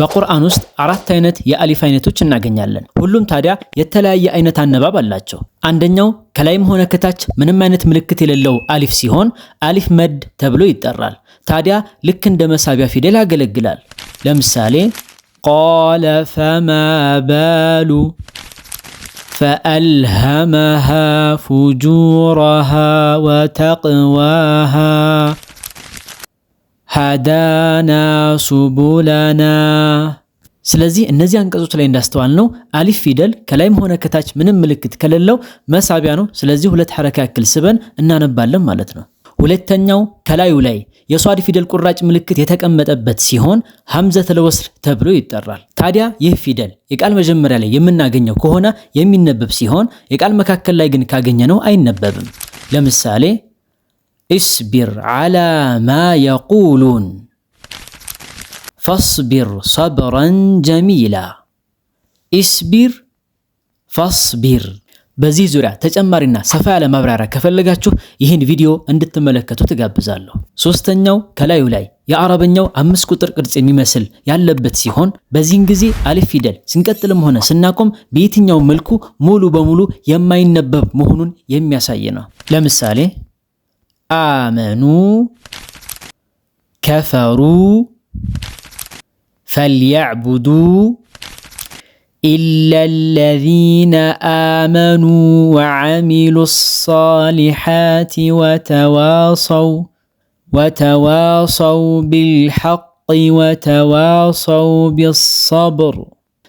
በቁርአን ውስጥ አራት አይነት የአሊፍ አይነቶች እናገኛለን። ሁሉም ታዲያ የተለያየ አይነት አነባብ አላቸው። አንደኛው ከላይም ሆነ ከታች ምንም አይነት ምልክት የሌለው አሊፍ ሲሆን አሊፍ መድ ተብሎ ይጠራል። ታዲያ ልክ እንደ መሳቢያ ፊደል ያገለግላል። ለምሳሌ ቃለ ፈማ ባሉ ፈአልሀመሃ ፉጁረሃ ወተቅዋሃ ሀዳና ሱቡላና። ስለዚህ እነዚህ አንቀጾች ላይ እንዳስተዋል ነው አሊፍ ፊደል ከላይም ሆነ ከታች ምንም ምልክት ከሌለው መሳቢያ ነው። ስለዚህ ሁለት ሐረካ ያክል ስበን እናነባለን ማለት ነው። ሁለተኛው ከላዩ ላይ የሷድ ፊደል ቁራጭ ምልክት የተቀመጠበት ሲሆን ሐምዘተል ወስል ተብሎ ይጠራል። ታዲያ ይህ ፊደል የቃል መጀመሪያ ላይ የምናገኘው ከሆነ የሚነበብ ሲሆን የቃል መካከል ላይ ግን ካገኘ ነው አይነበብም። ለምሳሌ እስቢር ዓላ ማ የቁሉን ፈስቢር ሰብረን ጀሚላ እስቢር ፈስቢር። በዚህ ዙሪያ ተጨማሪና ሰፋ ያለ ማብራሪያ ከፈለጋችሁ ይህን ቪዲዮ እንድትመለከቱ ትጋብዛለሁ። ሶስተኛው ከላዩ ላይ የአረበኛው አምስት ቁጥር ቅርጽ የሚመስል ያለበት ሲሆን በዚህን ጊዜ አሊፍ ፊደል ስንቀጥልም ሆነ ስናቆም በየትኛው መልኩ ሙሉ በሙሉ የማይነበብ መሆኑን የሚያሳይ ነው። ለምሳሌ آمنوا كفروا فليعبدوا إلا الذين آمنوا وعملوا الصالحات وتواصوا وتواصوا بالحق وتواصوا بالصبر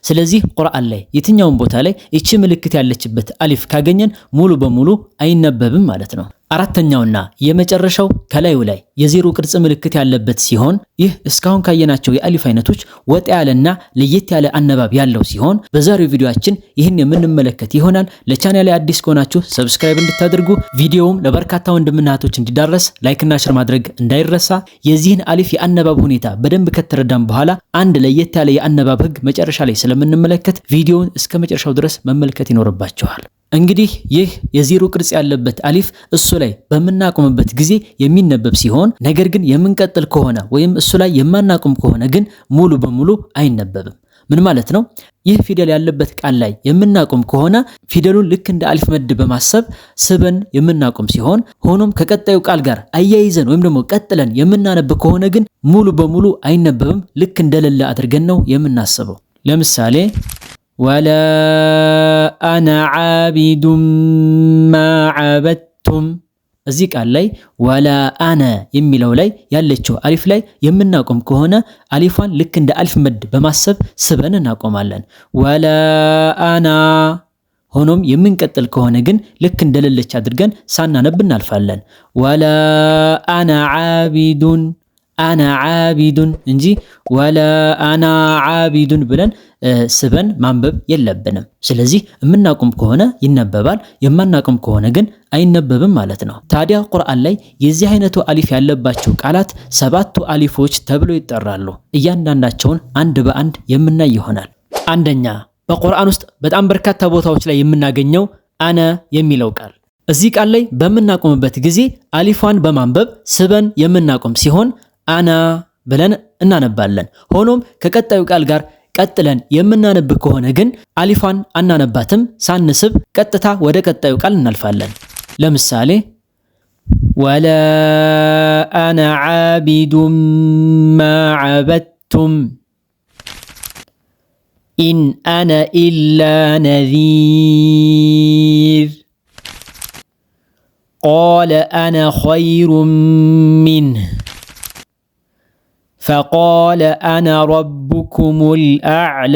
ስለዚህ ቁርአን ላይ የትኛውም ቦታ ላይ ይቺ ምልክት ያለችበት አሊፍ ካገኘን ሙሉ በሙሉ አይነበብም ማለት ነው። አራተኛውና የመጨረሻው ከላዩ ላይ የዜሮ ቅርጽ ምልክት ያለበት ሲሆን ይህ እስካሁን ካየናቸው የአሊፍ አይነቶች ወጣ ያለና ለየት ያለ አነባብ ያለው ሲሆን በዛሬው ቪዲዮአችን ይህን የምንመለከት ይሆናል። ለቻናል ላይ አዲስ ከሆናችሁ ሰብስክራይብ እንድታደርጉ ቪዲዮውም ለበርካታ ወንድምና እህቶች እንዲዳረስ ላይክና ሽር ማድረግ እንዳይረሳ። የዚህን አሊፍ የአነባብ ሁኔታ በደንብ ከተረዳም በኋላ አንድ ለየት ያለ የአነባብ ህግ መጨረሻ ላይ ስለምንመለከት ቪዲዮውን እስከ መጨረሻው ድረስ መመልከት ይኖርባችኋል። እንግዲህ ይህ የዜሮ ቅርጽ ያለበት አሊፍ እሱ ላይ በምናቆምበት ጊዜ የሚነበብ ሲሆን ነገር ግን የምንቀጥል ከሆነ ወይም እሱ ላይ የማናቆም ከሆነ ግን ሙሉ በሙሉ አይነበብም። ምን ማለት ነው? ይህ ፊደል ያለበት ቃል ላይ የምናቆም ከሆነ ፊደሉን ልክ እንደ አሊፍ መድ በማሰብ ስበን የምናቆም ሲሆን ሆኖም ከቀጣዩ ቃል ጋር አያይዘን ወይም ደግሞ ቀጥለን የምናነብ ከሆነ ግን ሙሉ በሙሉ አይነበብም። ልክ እንደሌለ አድርገን ነው የምናስበው። ለምሳሌ ወላ አነ ዓቢዱም ማ ዓበድቱም እዚህ ቃል ላይ ወላ አነ የሚለው ላይ ያለችው አሊፍ ላይ የምናቆም ከሆነ አሊፏን ልክ እንደ አሊፍ መድ በማሰብ ስበን እናቆማለን። ወላ አና ሆኖም የምንቀጥል ከሆነ ግን ልክ እንደሌለች አድርገን ሳናነብ እናልፋለን። ወላ አነ ዓቢዱን አና ዓቢዱን እንጂ ወላ አና ዓቢዱን ብለን ስበን ማንበብ የለብንም። ስለዚህ የምናቁም ከሆነ ይነበባል፣ የማናቁም ከሆነ ግን አይነበብም ማለት ነው። ታዲያ ቁርአን ላይ የዚህ አይነቱ አሊፍ ያለባቸው ቃላት ሰባቱ አሊፎች ተብሎ ይጠራሉ። እያንዳንዳቸውን አንድ በአንድ የምናይ ይሆናል። አንደኛ፣ በቁርአን ውስጥ በጣም በርካታ ቦታዎች ላይ የምናገኘው አነ የሚለው ቃል እዚህ ቃል ላይ በምናቆምበት ጊዜ አሊፏን በማንበብ ስበን የምናቆም ሲሆን አና ብለን እናነባለን። ሆኖም ከቀጣዩ ቃል ጋር ቀጥለን የምናነብ ከሆነ ግን አሊፏን አናነባትም። ሳንስብ ቀጥታ ወደ ቀጣዩ ቃል እናልፋለን። ለምሳሌ ወላ አና ዓቢዱ ማ ዓበድቱም፣ ኢን አነ ኢላ ነዚር ቃለ አነ ኸይሩም ሚንህ ፈቃለ አነ ረብኩሙል አዕላ።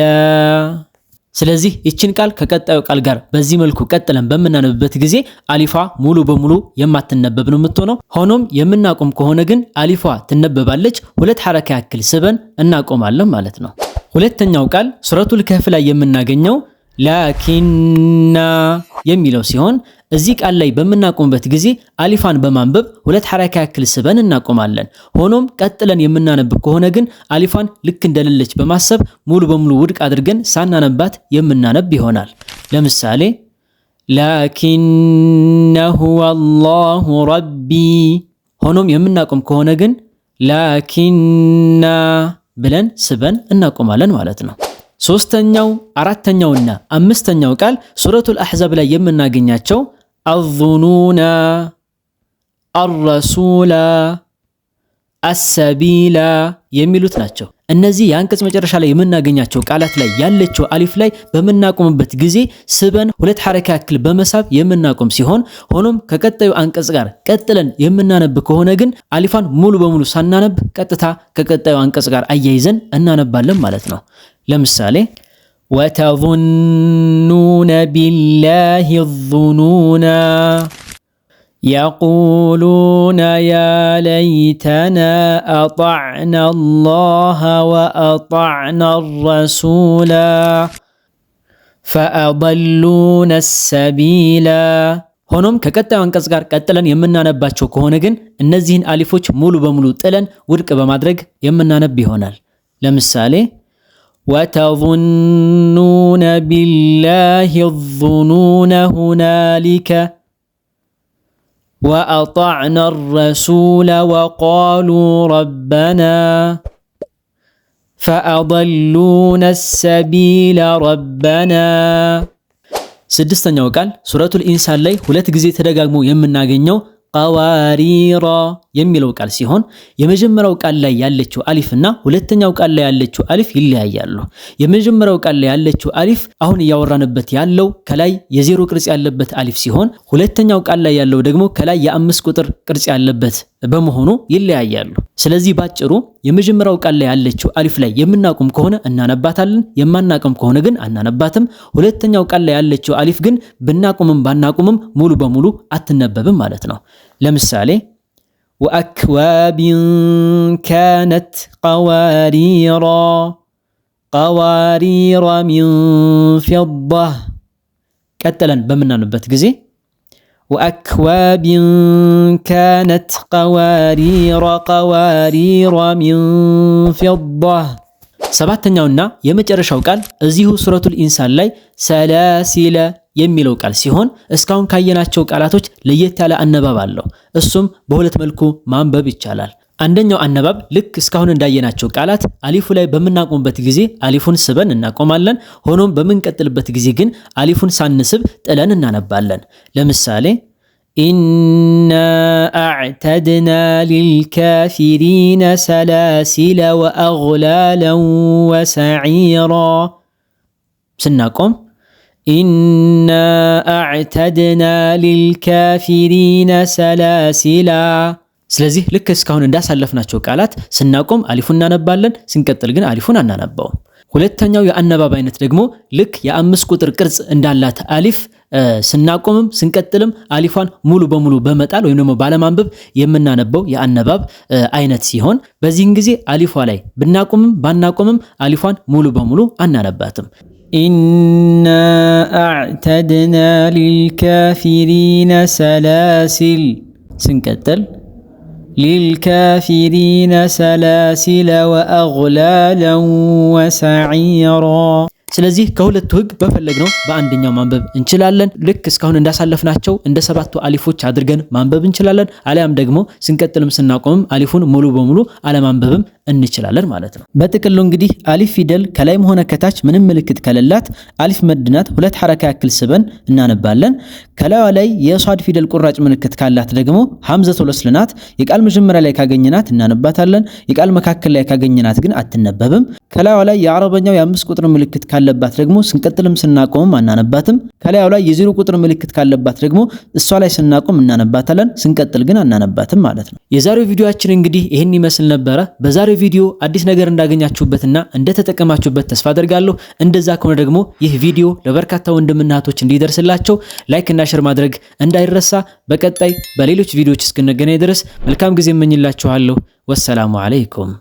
ስለዚህ ይችን ቃል ከቀጣዩ ቃል ጋር በዚህ መልኩ ቀጥለን በምናነብበት ጊዜ አሊፏ ሙሉ በሙሉ የማትነበብ ነው የምትሆነው። ሆኖም የምናቆም ከሆነ ግን አሊፏ ትነበባለች። ሁለት ሐረካ ያክል ስበን እናቆማለን ማለት ነው። ሁለተኛው ቃል ሱረቱል ከህፍ ላይ የምናገኘው ላኪና የሚለው ሲሆን እዚህ ቃል ላይ በምናቆምበት ጊዜ አሊፋን በማንበብ ሁለት ሐረካ ያክል ስበን እናቆማለን። ሆኖም ቀጥለን የምናነብብ ከሆነ ግን አሊፋን ልክ እንደሌለች በማሰብ ሙሉ በሙሉ ውድቅ አድርገን ሳናነባት የምናነብ ይሆናል። ለምሳሌ ላኪነሁ አላሁ ረቢ። ሆኖም የምናቆም ከሆነ ግን ላኪና ብለን ስበን እናቆማለን ማለት ነው። ሶስተኛው አራተኛውና አምስተኛው ቃል ሱረቱል አሕዛብ ላይ የምናገኛቸው አዙኑና፣ አረሱላ፣ አሰቢላ የሚሉት ናቸው። እነዚህ የአንቀጽ መጨረሻ ላይ የምናገኛቸው ቃላት ላይ ያለችው አሊፍ ላይ በምናቆምበት ጊዜ ስበን ሁለት ሐረካ ያክል በመሳብ የምናቆም ሲሆን ሆኖም ከቀጣዩ አንቀጽ ጋር ቀጥለን የምናነብ ከሆነ ግን አሊፋን ሙሉ በሙሉ ሳናነብ ቀጥታ ከቀጣዩ አንቀጽ ጋር አያይዘን እናነባለን ማለት ነው። ለምሳሌ ወተظኑነ ቢላህ ظኑና يقولون يا ليتنا اطعنا الله واطعنا الرسولا فاضلون السبيلا ሆኖም ከቀጣዩ አንቀጽ ጋር ቀጥለን የምናነባቸው ከሆነ ግን እነዚህን አሊፎች ሙሉ በሙሉ ጥለን ውድቅ በማድረግ የምናነብ ይሆናል። ለምሳሌ وتظنون بالله الظنون هنالك واطعنا الرسول وقالوا ربنا فاضلون السبيل ربنا ስድስተኛው ቃል ሱረቱል ኢንሳን ላይ ሁለት ጊዜ ተደጋግሞ የምናገኘው ቀዋሪራ የሚለው ቃል ሲሆን የመጀመሪያው ቃል ላይ ያለችው አሊፍ እና ሁለተኛው ቃል ላይ ያለችው አሊፍ ይለያያሉ። የመጀመሪያው ቃል ላይ ያለችው አሊፍ አሁን እያወራንበት ያለው ከላይ የዜሮ ቅርጽ ያለበት አሊፍ ሲሆን ሁለተኛው ቃል ላይ ያለው ደግሞ ከላይ የአምስት ቁጥር ቅርጽ ያለበት በመሆኑ ይለያያሉ። ስለዚህ ባጭሩ የመጀመሪያው ቃል ላይ ያለችው አሊፍ ላይ የምናቁም ከሆነ እናነባታለን፣ የማናቅም ከሆነ ግን አናነባትም። ሁለተኛው ቃል ላይ ያለችው አሊፍ ግን ብናቁምም ባናቁምም ሙሉ በሙሉ አትነበብም ማለት ነው። ለምሳሌ ወአክዋቢን ካነት ቀዋሪራ ቀዋሪራ ሚን ፊዳ ቀጥለን በምናንበት ጊዜ وأكواب كانت قوارير قوارير من فضة ሰባተኛውና የመጨረሻው ቃል እዚሁ ሱረቱል ኢንሳን ላይ ሰላሲለ የሚለው ቃል ሲሆን እስካሁን ካየናቸው ቃላቶች ለየት ያለ አነባብ አለው። እሱም በሁለት መልኩ ማንበብ ይቻላል። አንደኛው አነባብ ልክ እስካሁን እንዳየናቸው ቃላት አሊፉ ላይ በምናቆምበት ጊዜ አሊፉን ስበን እናቆማለን። ሆኖም በምንቀጥልበት ጊዜ ግን አሊፉን ሳንስብ ጥለን እናነባለን። ለምሳሌ ኢና አዕተድና ሊልካፊሪነ ሰላሲለ ወአግላለን ወሰዒራ ስናቆም ኢና አዕተድና ሊልካፊሪነ ሰላሲላ ስለዚህ ልክ እስካሁን እንዳሳለፍናቸው ቃላት ስናቆም አሊፉ እናነባለን፣ ስንቀጥል ግን አሊፉን አናነባውም። ሁለተኛው የአነባብ አይነት ደግሞ ልክ የአምስት ቁጥር ቅርጽ እንዳላት አሊፍ ስናቆምም ስንቀጥልም አሊፏን ሙሉ በሙሉ በመጣል ወይም ደግሞ ባለማንበብ የምናነበው የአነባብ አይነት ሲሆን በዚህን ጊዜ አሊፏ ላይ ብናቆምም ባናቆምም አሊፏን ሙሉ በሙሉ አናነባትም። ኢና አዕተድና ሊልካፊሪነ ሰላሲል ስንቀጥል للكافرين سلاسل ወአግላለን وسعيرا ስለዚህ ከሁለቱ ህግ በፈለግነው በአንደኛው ማንበብ እንችላለን። ልክ እስካሁን እንዳሳለፍናቸው እንደ ሰባቱ አሊፎች አድርገን ማንበብ እንችላለን። አሊያም ደግሞ ስንቀጥልም ስናቆምም አሊፉን ሙሉ በሙሉ አለማንበብም እንችላለን ማለት ነው። በጥቅሉ እንግዲህ አሊፍ ፊደል ከላይም ሆነ ከታች ምንም ምልክት ከሌላት አሊፍ መድናት ሁለት ሐረካ ያክል ስበን እናነባለን። ከላዩ ላይ የሷድ ፊደል ቁራጭ ምልክት ካላት ደግሞ ሐምዘቱል ወስል ናት። የቃል መጀመሪያ ላይ ካገኘናት እናነባታለን። የቃል መካከል ላይ ካገኘናት ግን አትነበብም። ከላዩ ላይ የአረበኛው የአምስት ቁጥር ምልክት ካለባት ደግሞ ስንቀጥልም ስናቆምም አናነባትም። ከላዩ ላይ የዜሮ ቁጥር ምልክት ካለባት ደግሞ እሷ ላይ ስናቆም እናነባታለን፣ ስንቀጥል ግን አናነባትም ማለት ነው። የዛሬው ቪዲዮአችን እንግዲህ ይህን ይመስል ነበረ። በዛሬው ቪዲዮ አዲስ ነገር እንዳገኛችሁበትና እንደተጠቀማችሁበት ተስፋ አደርጋለሁ። እንደዛ ከሆነ ደግሞ ይህ ቪዲዮ ለበርካታ ወንድምና እህቶች እንዲደርስላቸው ላይክ እና ሼር ማድረግ እንዳይረሳ። በቀጣይ በሌሎች ቪዲዮዎች እስክንገናኝ ድረስ መልካም ጊዜ እመኝላችኋለሁ። ወሰላሙ አለይኩም